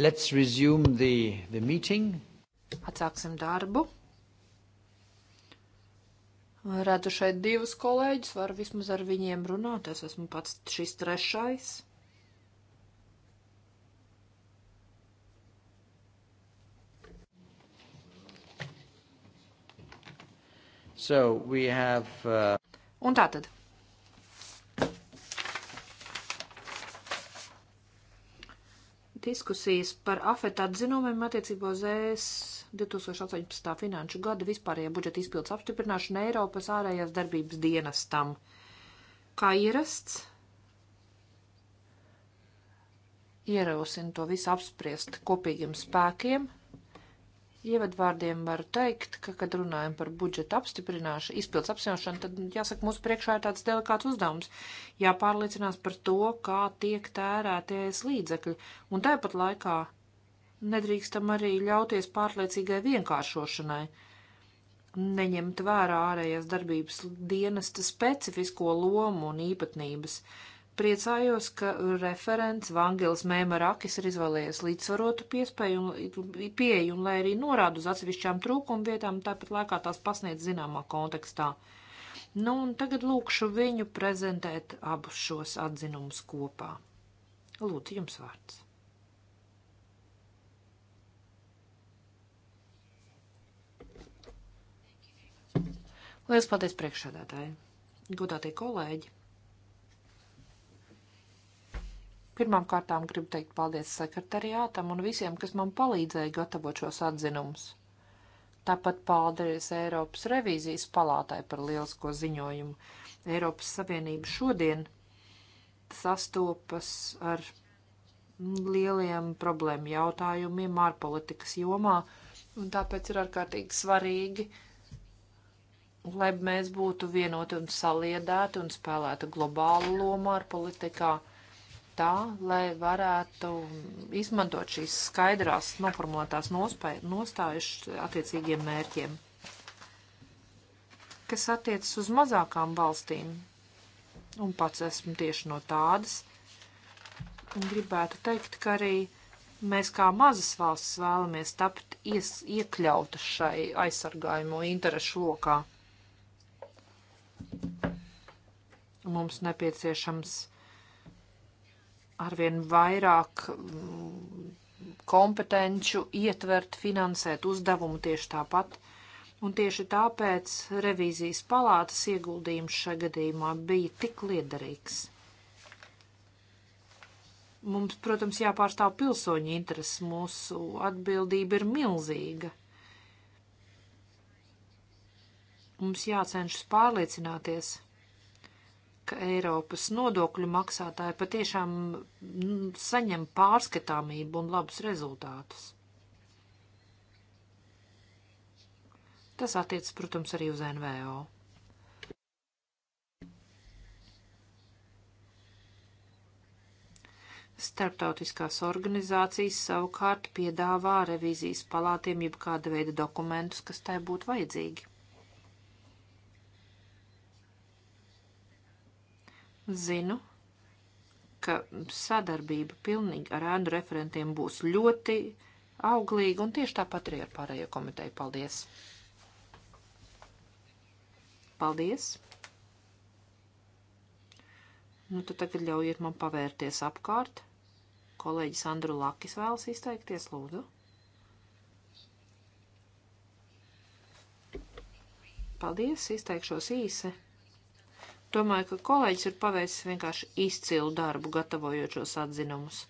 Let's resume the, the meeting. Atsāksim darbu. Redzu šeit divus kolēģus, varu vismaz ar viņiem runāt, es esmu pats šis trešais. So we have, uh... Un tātad. diskusijas par afeta atzinumiem attiecībā uz ES 2018. finanšu gada vispārējā budžeta izpildes apstiprināšanu Eiropas ārējās darbības dienestam. Kā ierasts, ierosina to visu apspriest kopīgiem spēkiem Ievadvārdiem varu teikt, ka, kad runājam par budžeta apstiprināšanu, izpildus apstiprināšanu, tad, jāsaka, mūsu priekšā ir tāds delikāts uzdevums. Jāpārliecinās par to, kā tiek tērēties līdzekļi. Un tāpat laikā nedrīkstam arī ļauties pārliecīgai vienkāršošanai, neņemt vērā ārējās darbības dienesta specifisko lomu un īpatnības. Uh, Priecājos, ka referents Vangels Mēmarakis ir izvēlējies līdzsvarotu piespēju un pieeju, un lai arī norāda uz atsevišķām trūkumu vietām, tāpat laikā tās pasniedz zināmā kontekstā. Nu, un tagad lūkšu viņu prezentēt abus šos atzinumus kopā. Lūdzu, jums vārds. Lielas paldies priekšsēdētāji, godātie kolēģi! Pirmām kārtām gribu teikt paldies sekretariātam un visiem, kas man palīdzēja gatavot šos atzinumus. Tāpat paldies Eiropas revīzijas palātai par lielisko ziņojumu. Eiropas Savienība šodien sastopas ar lieliem problēmu jautājumiem ārpolitikas jomā, un tāpēc ir ārkārtīgi svarīgi, lai mēs būtu vienoti un saliedēti un spēlētu globālu lomu ārpolitikā tā, lai varētu izmantot šīs skaidrās noformulētās nostājas attiecīgiem mērķiem. Kas attiecas uz mazākām valstīm, un pats esmu tieši no tādas, gribētu teikt, ka arī mēs kā mazas valsts vēlamies tapt ies, iekļautas šai aizsargājumu interešu lokā. Mums nepieciešams arvien vairāk mm, kompetenču ietvert, finansēt uzdevumu tieši tāpat. Un tieši tāpēc revīzijas palātas ieguldījums šajā gadījumā bija tik liederīgs. Mums, protams, jāpārstāv pilsoņu intereses, mūsu atbildība ir milzīga. Mums jācenšas pārliecināties, ka Eiropas nodokļu maksātāji patiešām mm, saņem pārskatāmību un labus rezultātus. Tas attiecas, protams, arī uz NVO. Starptautiskās organizācijas savukārt piedāvā revīzijas palātiem jebkāda veida dokumentus, kas tai būtu vajadzīgi. Zinu, ka sadarbība pilnīgi ar ēnu referentiem būs ļoti auglīga un tieši tāpat arī ar pārējo komiteju. Paldies! Paldies! Nu, tad tagad ļaujiet man pavērties apkārt. Kolēģis Andru Lakis vēlas izteikties, lūdzu. Paldies, izteikšos īsi. Domāju, ka kolēģis ir paveicis vienkārši izcilu darbu, gatavojot šos atzinumus.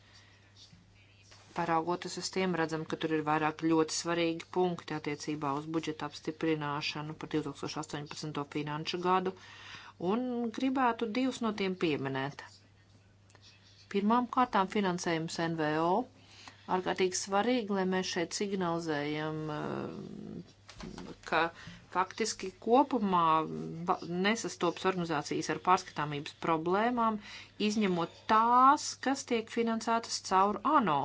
Paraugoties uz tiem, redzam, ka tur ir vairāk ļoti svarīgi punkti attiecībā uz budžeta apstiprināšanu par 2018. finanšu gadu, un gribētu divus no tiem pieminēt. Pirmām kārtām finansējums NVO ārkārtīgi svarīgi, lai mēs šeit signalizējam, eh, ka faktiski kopumā nesastopas organizācijas ar pārskatāmības problēmām, izņemot tās, kas tiek finansētas caur ANO.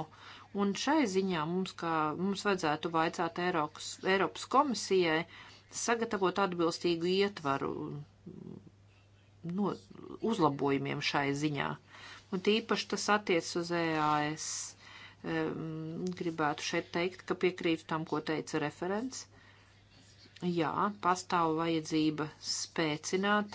Un šai ziņā mums, kā, mums vajadzētu vaicāt Eiropas, Eiropas komisijai sagatavot atbilstīgu ietvaru no, uzlabojumiem šai ziņā. Un tīpaši tas attiec uz EAS. Gribētu šeit teikt, ka piekrītu tam, ko teica referents. Jā, pastāv vajadzība spēcināt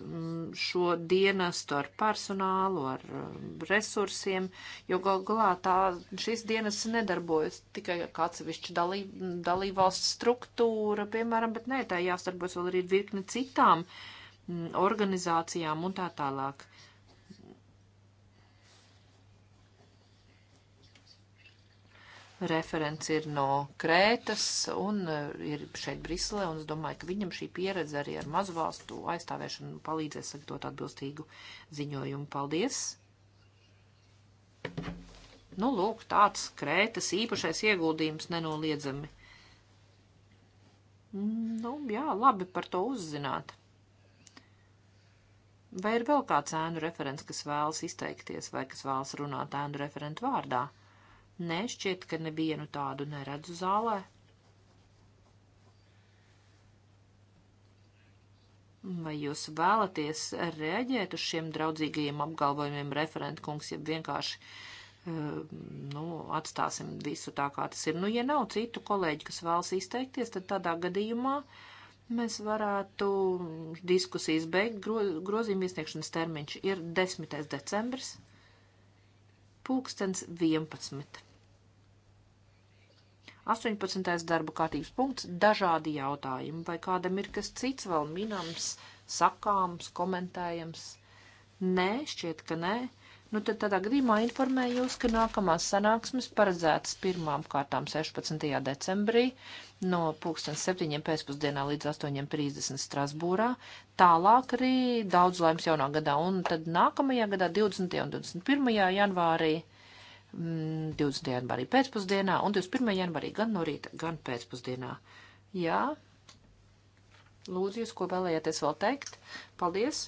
mm, šo dienestu ar personālu, ar mm, resursiem, jo gal galā tā, šis dienests nedarbojas tikai kā atsevišķa dalī, mm, dalībvalsts struktūra, piemēram, bet nē, tā jāstarbojas vēl arī virkni citām organizācijām un tā tālāk. Referents ir no Krētas un eh, ir šeit Briselē, un es domāju, ka viņam šī pieredze arī ar mazvalstu aizstāvēšanu palīdzēs sagatavot atbilstīgu ziņojumu. Paldies! Nu, lūk, tāds Krētas īpašais ieguldījums nenoliedzami. Nu, jā, labi par to uzzināt. Vai ir vēl kāds ēnu referents, kas vēlas izteikties vai kas vēlas runāt ēnu referentu vārdā? Nē, šķiet, ka nevienu tādu neredzu zālē. Vai jūs vēlaties reaģēt uz šiem draudzīgajiem apgalvojumiem, referentkungs, ja vienkārši eh, nu, atstāsim visu tā, kā tas ir. Nu, ja nav citu kolēģi, kas vēlas izteikties, tad tādā gadījumā mēs varētu diskusijas beigt. Gro, grozījuma iesniegšanas termiņš ir 10. decembris, pulkstens 11. 18. darba kārtības punkts - dažādi jautājumi. Vai kādam ir kas cits vēl minams, sakāms, komentējams? Nē, šķiet, ka nē. Nu, tad tādā gadījumā informēju jūs, ka nākamās sanāksmes paredzētas pirmām kārtām 16. decembrī no 17. pēcpusdienā līdz 8.30 Strasbūrā. Tālāk arī daudz laimes jaunā gadā un tad nākamajā gadā 20. un 21. janvārī 20. Mm, janvārī pēcpusdienā un 21. janvārī gan no rīta, gan pēcpusdienā. Jā, lūdzu, jūs ko vēlējāties vēl teikt? Paldies!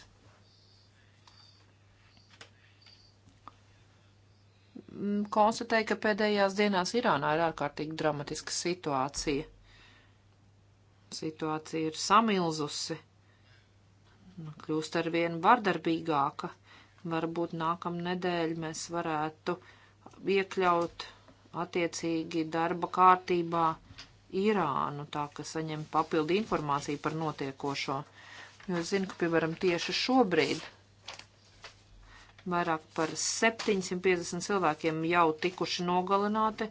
Mm, konstatēju, ka pēdējās dienās Irānā ir ārkārtīgi dramatiska situācija. Situācija ir samilzusi, nu, kļūst ar vien vardarbīgāka. Varbūt nākamnedēļ mēs varētu uh, iekļaut attiecīgi darba kārtībā Irānu, tā ka saņem papildi informāciju par notiekošo. Jo es zinu, ka, piemēram, tieši šobrīd vairāk par 750 cilvēkiem jau tikuši nogalināti,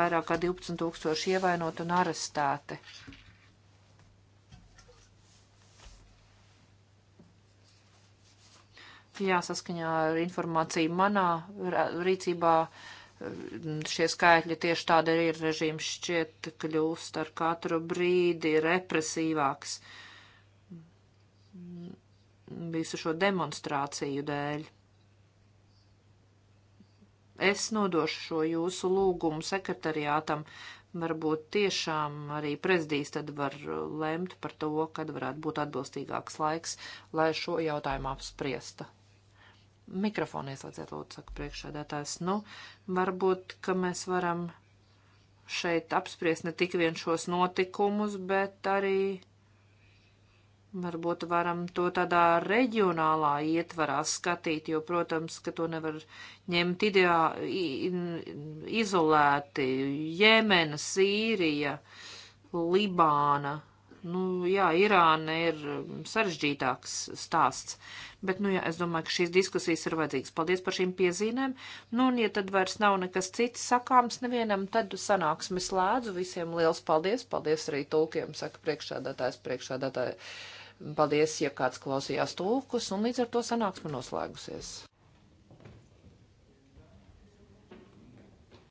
vairāk kā 12 tūkstoši ievainoti un arestēti. Jā, saskaņā ar informāciju manā rīcībā šie skaitļi tieši tādi arī ir. Režīms šķiet kļūst ar katru brīdi represīvāks visu šo demonstrāciju dēļ. Es nodošu šo jūsu lūgumu sekretariātam. Varbūt tiešām arī prezidijs tad var uh, lemt par to, kad varētu būt atbilstīgāks laiks, lai šo jautājumu apspriesta. Mikrofonu ieslēdziet, lūdzu, saka priekšsēdētājs. Nu, varbūt, ka mēs varam šeit apspriest ne tik vien šos notikumus, bet arī varbūt varam to tādā reģionālā ietvarā skatīt, jo, protams, ka to nevar ņemt ideā, izolēti. Jemena, Sīrija, Libāna Nu, jā, Irāna ir um, sarežģītāks stāsts, bet, nu, jā, es domāju, ka šīs diskusijas ir vajadzīgas. Paldies par šīm piezīmēm. Nu, un, ja tad vairs nav nekas cits sakāms nevienam, tad sanāksmi slēdzu. Visiem liels paldies. Paldies arī tulkiem, saka priekšādātājs, priekšādātāji. Paldies, ja kāds klausījās tulkus, un līdz ar to sanāksme noslēgusies.